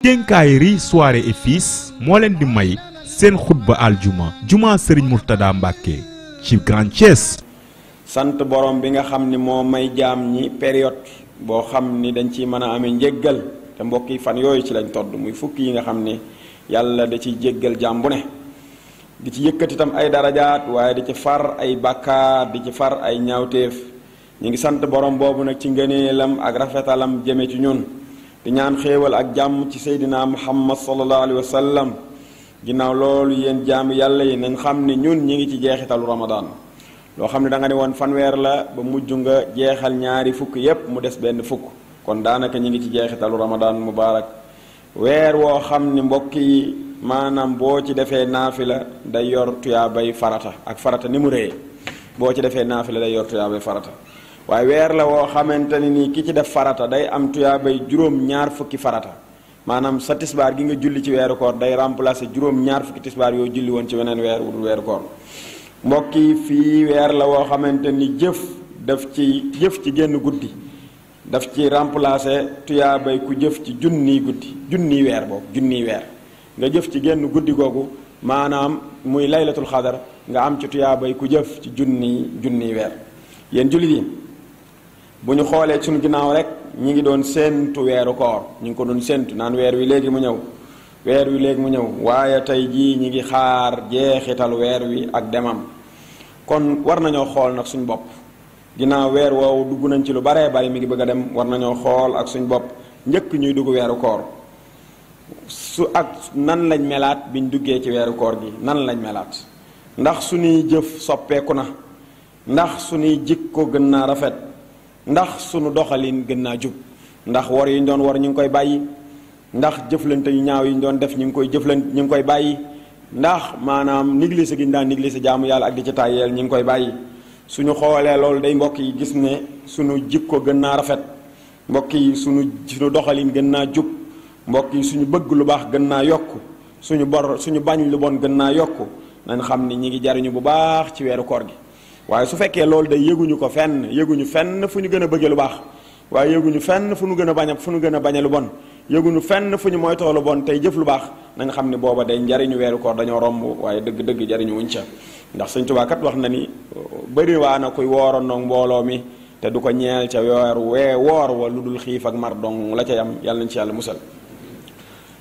dénkaay ri soirée et moo leen di may seen xutba aljuma juma sëriñ Murtada Mbàkke ci Grand sant borom bi nga xam ni moo may jaam ñi période boo xam ni dañ ciy mën a amee njéggal te mbokki fan yooyu ci lañ todd muy fukk yi nga xam ni yàlla da ciy jéggal jaam bu ne di ci yëkkatitam ay dara jaat waaye di ci far ay bàkkaar di ci far ay ñaawteef ñu ngi sant borom boobu nag ci ngëneelam ak rafetalam jëme ci ñun di ñaan xéewal ak jàmm ci seydinaa muhammad sallallahu alayhi wa sallam ginnaaw loolu yéen jàmm yàlla yi nañ xam ne ñun ñi ngi ci jeexitalu ramadaan loo xam ne da nga ne woon fanweer la ba mujj nga jeexal ñaari fukk yépp mu des benn fukk kon daanaka ñi ngi ci jeexitalu ramadaan mubaarak weer woo xam ni mbokk yi maanaam boo ci defee la day yor tuyaabay farata ak farata ni mu rëy boo ci defee naafila day yor tuyaabay farata waaye weer la woo xamante ne nii ki ci def farata day am tuyaabay juróom ñaar fukki farata maanaam sa tisbaar gi nga julli ci weeru koor day remplacer juróom ñaar fukki tisbaar yoo julli woon ci weneen weer wudul weeru koor mbokk yi fii weer la woo xamante ni jëf def ci jëf ci génn guddi daf ci remplacer tuyaabay ku jëf ci junni guddi junniy weer boobu junniy weer nga jëf ci génn guddi googu maanaam muy laylatul xadar nga am ci tuyaabay ku jëf ci junniy junniy weer yéen jullit bu ñu xoolee suñu ginnaaw rek ñi ngi doon séentu weeru koor ñu ngi ko doon séentu naan weer wi léegi mu ñëw weer wi léegi mu ñëw waaye tey jii ñi ngi xaar jeexital weer wi ak demam kon war nañoo xool nag suñu bopp ginnaaw weer woowu dugg nañ ci lu baree bari mi ngi bëgg a dem war nañoo xool ak suñu bopp njëkk ñuy dugg weeru koor su ak nan lañ melaat biñ duggee ci weeru koor gi nan lañ melaat ndax suñuy jëf soppeeku na ndax suñuy jikko gën naa rafet ndax sunu doxalin gën naa jub ndax war yi ñu doon war ñu ngi koy bàyyi ndax jëflante yu ñaaw yi ñu doon def ñu ngi koy jëflante ñu ngi koy bàyyi ndax maanaam négligé gi ñu daan négligé jaamu yàlla ak di ci tàyyeel ñu ngi koy bàyyi suñu xoolee loolu day mbokk yi gis ne suñu jikko gën naa rafet mbokk yi suñu suñu doxalin gën naa jub mbokk yi suñu bëgg lu baax gën naa yokk suñu bor suñu bañ lu bon gën naa yokk nañ xam ni ñu ngi jariñu bu baax ci weeru koor gi waaye su fekkee loolu de yëguñu ko fenn yëguñu fenn fu ñu gën a bëggee lu baax waaye yëguñu fenn fu ñu gën a bañ fu ñu gën a bañe lu bon yëguñu fenn fu ñu moytoo lu bon tey jëf lu baax na nga xam ne booba day njariñu weeru koor dañoo romb waaye dëgg-dëgg jariñu wuñ ca ndax sëñ Tuubaa wax na ni bëri waa na kuy wooroon mbooloo mi te du ko ñeel ca weer wee woor wa lu dul xiif ak mar dong la ca yam yàlla nañ ci yàlla musal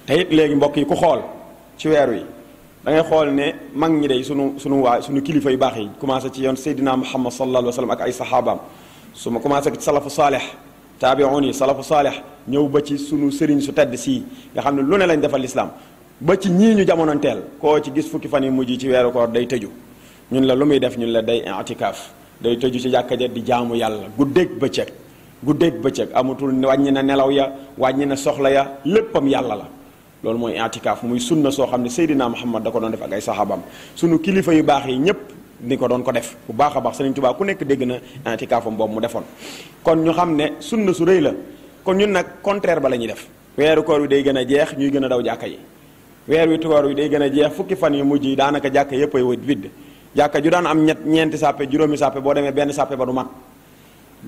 te léegi mbokk yi ku xool ci weer wi da ngay xol ne mag ñi day sunu sunu wa sunu kilifa yu bax yi commencé ci yon sayyidina Muhammad sallallahu alayhi wasallam ak ay sahaba suma commencé ci salafu salih tabi'uni salafu salih ñëw ba ci sunu serigne su tedd sii nga xamne lu ne lañ defal lislaam ba ci ñi ñu jamonoonteel ko ci gis fukki fan yi mujj ci wéru ko day tëju ñun la lu muy def ñun la day i'tikaf day tëju ci jàkka ja di jaamu yàlla guddeeg bëccëg guddeeg bëccëg amatul wañina nelaw ya wañina soxla ya léppam yàlla la loolu mooy intikaaf muy sunna soo xam ne Seydina Muhammad da ko doon def ak ay saxaabam sunu kilifa yu baax yi ñëpp ni ko doon ko def bu baax a baax Sëriñ Tuubaa ku nekk dégg na intikaafam boobu mu defoon. kon ñu xam ne sunna su rëy la kon ñun nag contraire ba la ñuy def weeru koor wi day gën a jeex ñuy gën a daw jàkka yi weer wi koor wi day gën a jeex fukki fan yu mujj yi daanaka jàkka yëpp ay vide jàkka ju daan am ñet ñeenti sàppe juróomi sàppe boo demee benn sàppe ba du mat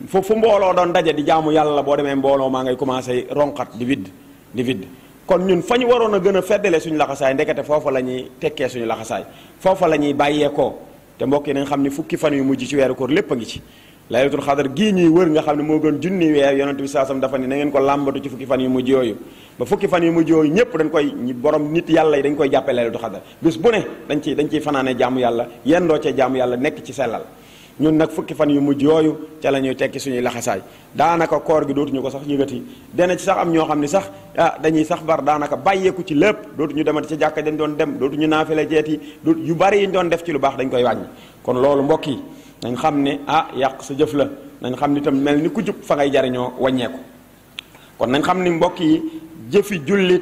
fu fu mbooloo doon daje di jaamu yàlla boo demee mbooloo maa ngay commencé ronqat di vide di vide kon ñun fa ñu waroon a gën a suñu laxasaay ndekete foofa la ñuy tekkee suñu laxasaay foofa la ñuy bàyyeekoo te mbokk yi nañ xam ne fukki fan yu mujj ci weeru koor lépp a ci laylatul xadar gii ñuy wër nga xam ne moo gën junni weer yonent bi saasam dafa ngeen ko làmbatu ci fukki fan yu mujj yooyu ba fukki yu mujj yooyu ñëpp dañ koy borom nit yàlla yi dañ koy jàppee laylatul xadar bis bu ne dañ ciy dañ ciy fanaane jaamu yàlla yendoo cee jaamu yàlla nekk ci sellal ñun nak fukki fan yu mujj yooyu ca la ñuy tekki suñuy laxasaay daanaka koor gi dootuñu ko sax yëgati dana ci sax am ñoo xam ni sax ah dañuy sax bar daanaka bàyyeeku ci lépp dootuñu demati ca jàkka dañ doon dem dootuñu naafile jeeti doot yu bari yiñ doon def ci lu baax dañ koy kon loolu mbokk yi nañ xam ah yàq sa jëf la nañ xam ni tam mel ni ku jub fa ngay jariñoo wàññeeku kon nañ xam ni mbokk yi jëfi jullit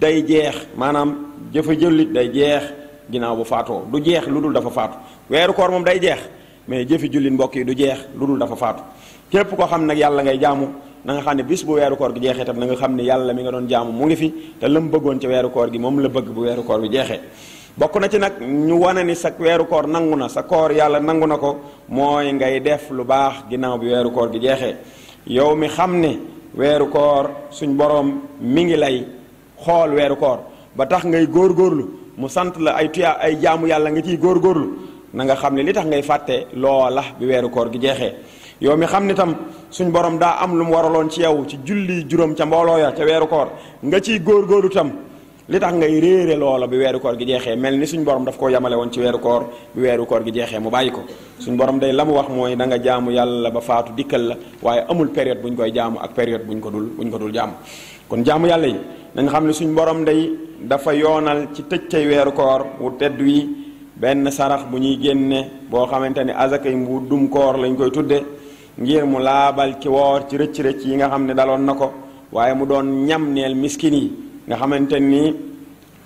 day jeex maanaam jëfi jullit day jeex ginnaaw bu faatoo du jeex lu dafa weeru koor moom day jeex mais jëfi jullit mbokk yi du jeex lu dafa faatu képp ko xam nag yàlla ngay jaamu na nga xam ne bis bu weeru koor gi jeexee tam na nga xam ne mi nga doon jaamu mu ngi fi te lam bëggoon ci weeru koor gi moom la bëgg bu weeru koor bi jeexee bokk na ci nag ñu wane ni sa weeru koor nangu na sa koor yàlla nangu na ko mooy ngay def lu baax ginnaaw bi weeru koor gi jeexee yow mi xam ne weeru koor suñ borom mi ngi lay xool weeru koor ba tax ngay góorgóorlu mu sant la ay tuya ay jaamu yàlla nga ciy góorgóorlu na nga xamne li tax ngay fàtte loola bi wéru koor gi jeexee yow mi xamne tam suñ borom da am lu mu ci yow ci julli juróom ca mbolo ya ca wéru koor nga gor góorgóorlu tam li tax ngay réere loola bi wéru koor gi jeexee mel ni suñ borom daf ko yamale won ci wéru koor bi wéru koor gi jeexee mu bayiko suñ borom day lamu wax moy da nga jaamu yalla ba faatu dikkel la waye amul période buñ koy jaamu ak période buñ ko dul buñ ko dul jaam kon jaamu yalla yi nañ xamne suñ borom day dafa yonal ci tëj cay koor wu tedd wi benn sarax bu ñuy génne boo xamante ni azakay mbu dum koor lañu koy tudde ngir mu laabal ci woor ci rëcc-rëcc yi nga xam ne daloon na ko waaye mu doon ñam neel miskin yi nga xamante ni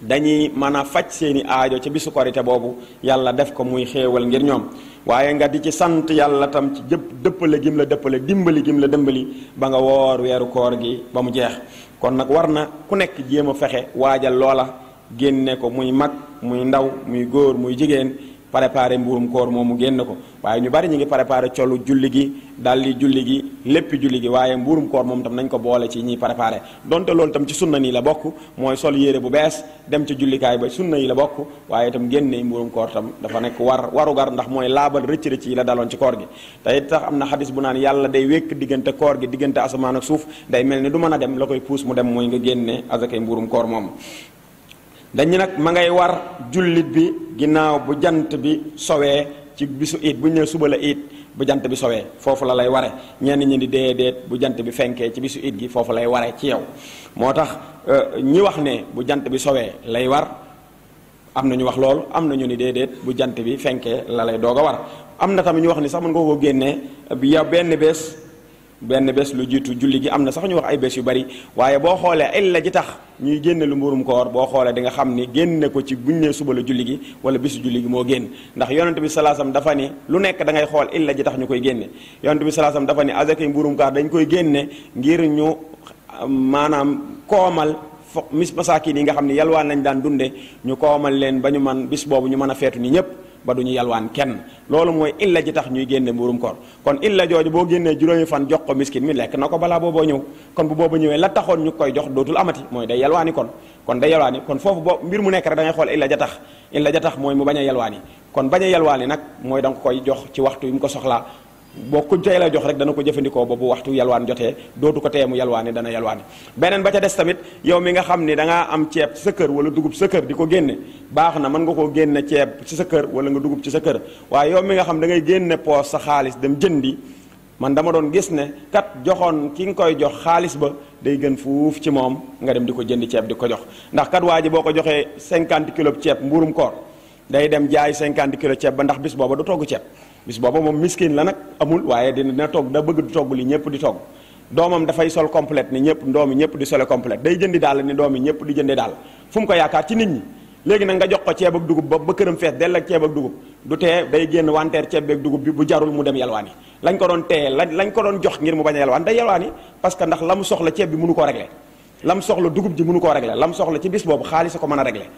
dañuy mën a faj seeni aajo ci bisu korite boobu yàlla def ko muy xéewal ngir ñoom waaye nga di ci sant yàlla tam ci jëpp dëppale gim la dëppale dimbali gim la dimbali ba nga woor weeru koor gi ba mu jeex kon nag war na ku nekk jéem a fexe waajal loola génne ko muy mag muy ndaw muy góor muy jigéen préparé mburum koor moomu génn ko waaye ñu bari ñu ngi préparé colu julli gi dalli julli gi lépp julli gi waaye mburum koor moom tam nañ ko boole ci ñiy préparé donte loolu tam ci sunna nii la bokk mooy sol yére bu bees dem ci jullikaay ba sunna yi la bokk waaye itam génne mburum koor tam dafa nekk war warugar ndax mooy laabal rëcc rëcc yi la daloon ci koor gi te it tax am na xadis bu naan yàlla day wékk diggante koor gi diggante asamaan ak suuf day mel ni du mën a dem la koy puus mu dem mooy nga génne azakay mburum koor moomu dañu nag ma ngay war jullit bi ginnaaw bu jant bi sowee ci bisu it bu ñu nee suba la it bu jant bi sowee foofu la lay ware ñenn ñi di dee deet bu jant bi fenkee ci bisu it gi foofu lay ware ci yow moo tax euh, ñi wax ne bu jant bi sowee lay war am na ñu wax loolu am na ñu ni déedéet bu jant bi fenkee la lay doog a war am na tamit ñu wax ni sax mën nga koo génnee bi benn bés benn bés lu jiitu julli gi am na sax ñu wax ay bés yu bari waaye boo xoolee illa ji tax ñuy génne lu mburum koor boo xoolee di nga xam ni génne ko ci buñ nee suba la julli gi wala bisu julli gi moo génn ndax yonent bi salaasam dafa ni lu nekk da ngay xool illa ji tax ñu koy génne yonent bi salaasam dafa ni azakay mburum koor dañ koy génne ngir ñu maanaam koomal fo mis masaakin yi nga xam ne yalwaan lañ daan dunde ñu koomal leen ba ñu man bis boobu ñu mën a feetu ni ñëpp ba du ñu yalwaan kenn loolu mooy illa ji tax ñuy génne mburum koor kon illa jooju boo génnee juróomi fan jox ko miskin mi lekk na ko balaa booboo ñëw kon bu booba ñëwee la taxoon ñu koy jox dootul amati mooy day yalwaani kon kon day yalwaani kon foofu boo mbir mu nekk rek da ngay xool illa ja tax illa ja tax mooy mu bañ a yalwaani kon bañ a yalwaani nag mooy da nga koy jox ci waxtu yi mu ko soxlaa boo kuñ tey la jox rek dana ko jëfandikoo ba bu waxtu yalwaan jotee dootu ko teemu mu yalwaane dana yalwaane beneen ba ca des tamit yow mi nga xam ni da am ceeb ci sa kër wala dugub ci sa kër di ko génne baax na mën nga koo génne ceeb ci sa kër wala nga dugub ci sa kër waaye yow mi nga xam da ngay génne poos sa xaalis dem jëndi man dama doon gis ne kat joxoon ki nga koy jox xaalis ba day gën fuuf ci moom nga dem di ko jëndi ceeb di ko jox ndax kat waa ji boo ko joxee 50 kilo ceeb mbuurum koor day dem jaay 50 kilo ceeb ba ndax bis booba du togg ceeb bis booba mom miskin la nak amul waye dina tok da bëgg di tok li ñepp di domam da fay sol complète ni ñepp doomi ñepp di sol complète day jëndi dal, ni domi ñepp di dal. dal fu ko yaakaar ci nit ñi légui nak nga jox ko ceeb ak dugub ba ba kërëm fess del ak ceeb ak dugub du té day genn wanter ceeb beeg dugub bi bu jarul mu dem yalwani lañ ko doon té lañ ko doon jox ngir mu baña yalwani day parce que ndax la soxla ceeb bi mënu ko régler lam soxla dugub ji mënu ko régler lam soxla ci bis bobu xaaliss ko mëna régler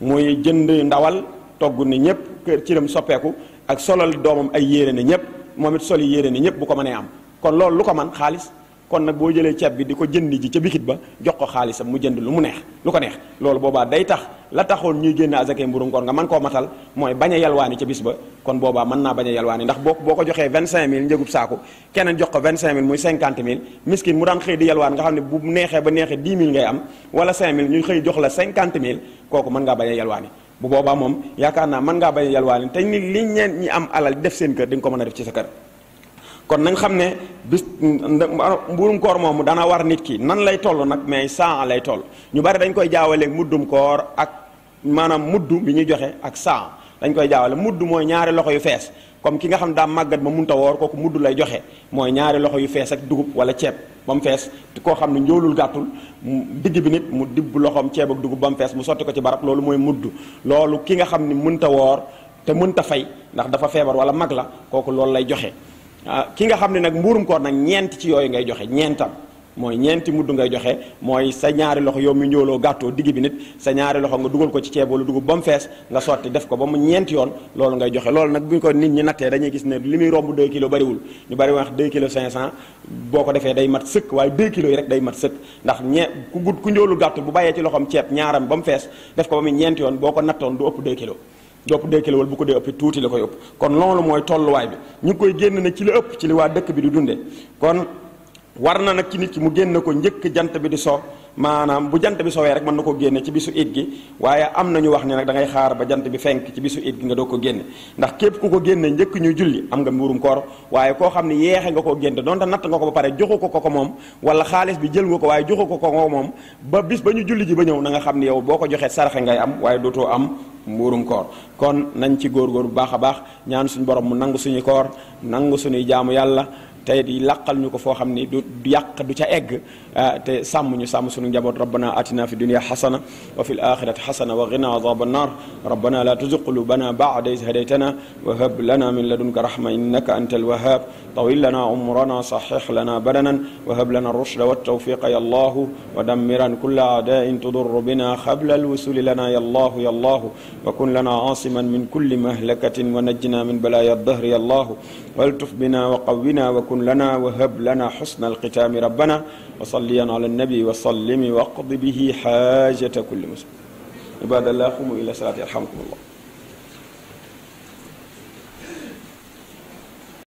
moy jënd ndawal togg ni ñepp kër soppeku ak solal doomam ay yére ne ñëpp moom it sol yi yére ne ñëpp bu ko manee am kon loolu lu ko man xaalis kon nag boo jëlee ceeb bi di ko jënd ji ca bikit ba jox ko xaalisam mu jënd lu mu neex lu ko neex loolu boobaa day tax la taxoon ñuy génne azakay mburum koor nga mën a a ko joxee 25000 njëgub saaku keneen jox ko 25000 muy 50000 miskin mu daan xëy di yalwaan nga xam ne bu neexee ba neexee 10000 ngay am wala 5000 ñu xëy kooku mën ngaa bañ a yalwaani bu boobaa moom yaakaar naa mën ngaa bañ a yalwaani te ni li ñeen ñi am alal def seen kër di ko mën a def ci sa kër kon nañ xam ne bis mburum koor moomu dana war nit ki nan lay toll nag mais saa lay toll ñu bari dañ koy jaawaleeg muddum koor ak maanaam mudd bi ñuy joxe ak saa dañ koy jaawale muddu mooy ñaari loxo yu fees comme ki nga xam daa màggat ba munta woor kooku muddu lay joxe mooy ñaari loxo yu fees ak dugub wala ceeb ba mu fees koo xam ne njóolul gàttul digg bi nit mu dibb loxoom ceeb ak dugub ba mu fees mu sotti ko ci barab loolu mooy mudd loolu ki nga xam ni mënta woor te mënta fay ndax dafa feebar wala mag la kooku loolu lay joxe ah, ki nga xam ne nag mbuurum koor nag ñeent ci yooyu ngay joxe ñeentam mooy ñeenti mudd ngay joxe mooy sa ñaari loxo yow mi njooloo gàttoo digg bi nit sa ñaari loxo nga dugal ko ci ceeb wala dugub ba mu fees nga sotti def ko ba mu ñeenti yoon loolu ngay joxe loolu nag bu ñu ko nit ñi nattee dañuy gis ne li muy romb 2 kilos bariwul ñu bari wax 2 kilos 500 boo ko defee day mat sëkk waaye 2 kilos yi rek mat sëkk ndax ñee ku gudd ku njoolu gàttu bu bàyyee ci loxoom ceeb ñaaram ba mu fees def ko ba mu yoon boo ko nattoon du ëpp 2 kilos dopp deekile wala bu ko dee ëpp tuuti la koy ëpp kon loolu mooy tolluwaay bi ñu koy génn na ci li ëpp ci li waa dëkk bi di dunde kon war na nag ci nit ki mu génn ko njëkk jant bi di so maanaam bu jant bi sowee rek mën na koo génne ci bisu it gi waaye am na ñu wax ne nag dangay ngay xaar ba jant bi fenk ci bisu it gi nga doo ko génne ndax képp ku ko génne njëkk ñu julli am nga mburum koor waaye koo xam ne yeexe nga koo génne donte natt nga ko ba pare joxu ko ko ko moom wala xaalis bi jël nga ko waaye joxu ko ko moom ba bis ba ñu julli ji ba ñëw na nga xam ne yow boo ko joxee saraxe ngay am waaye dootoo am mbuurum koor kon nañ ci góorgóor bu baax a baax ñaan suñu borom mu nangu suñu koor nangu suñuy jaamu yàlla te di laqal ñu ko foo xam ni du yàq du ca egg te sàmm ñu sàmm sunu njaboot rabbana atina fi dunia xasana wa fi alaxirati xasana wa gina adab annar rabbana la tuzig qulubana bacda id hadaytana wa hab lana min ladunka rahma innaka anta alwahab طويل لنا عمرنا صحح لنا بدنا وهب لنا الرشد والتوفيق يا الله ودمرا كل أعداء تضر بنا خبل الوصول لنا يا الله يا الله وكن لنا عاصما من كل مهلكة ونجنا من بلايا الدهر يا الله والتف بنا وقونا وكن وكن لنا وهب لنا حسن الختام ربنا وصليا على النبي وسلم واقض به حاجة كل مسلم عباد الله قوموا إلى صلاة يرحمكم الله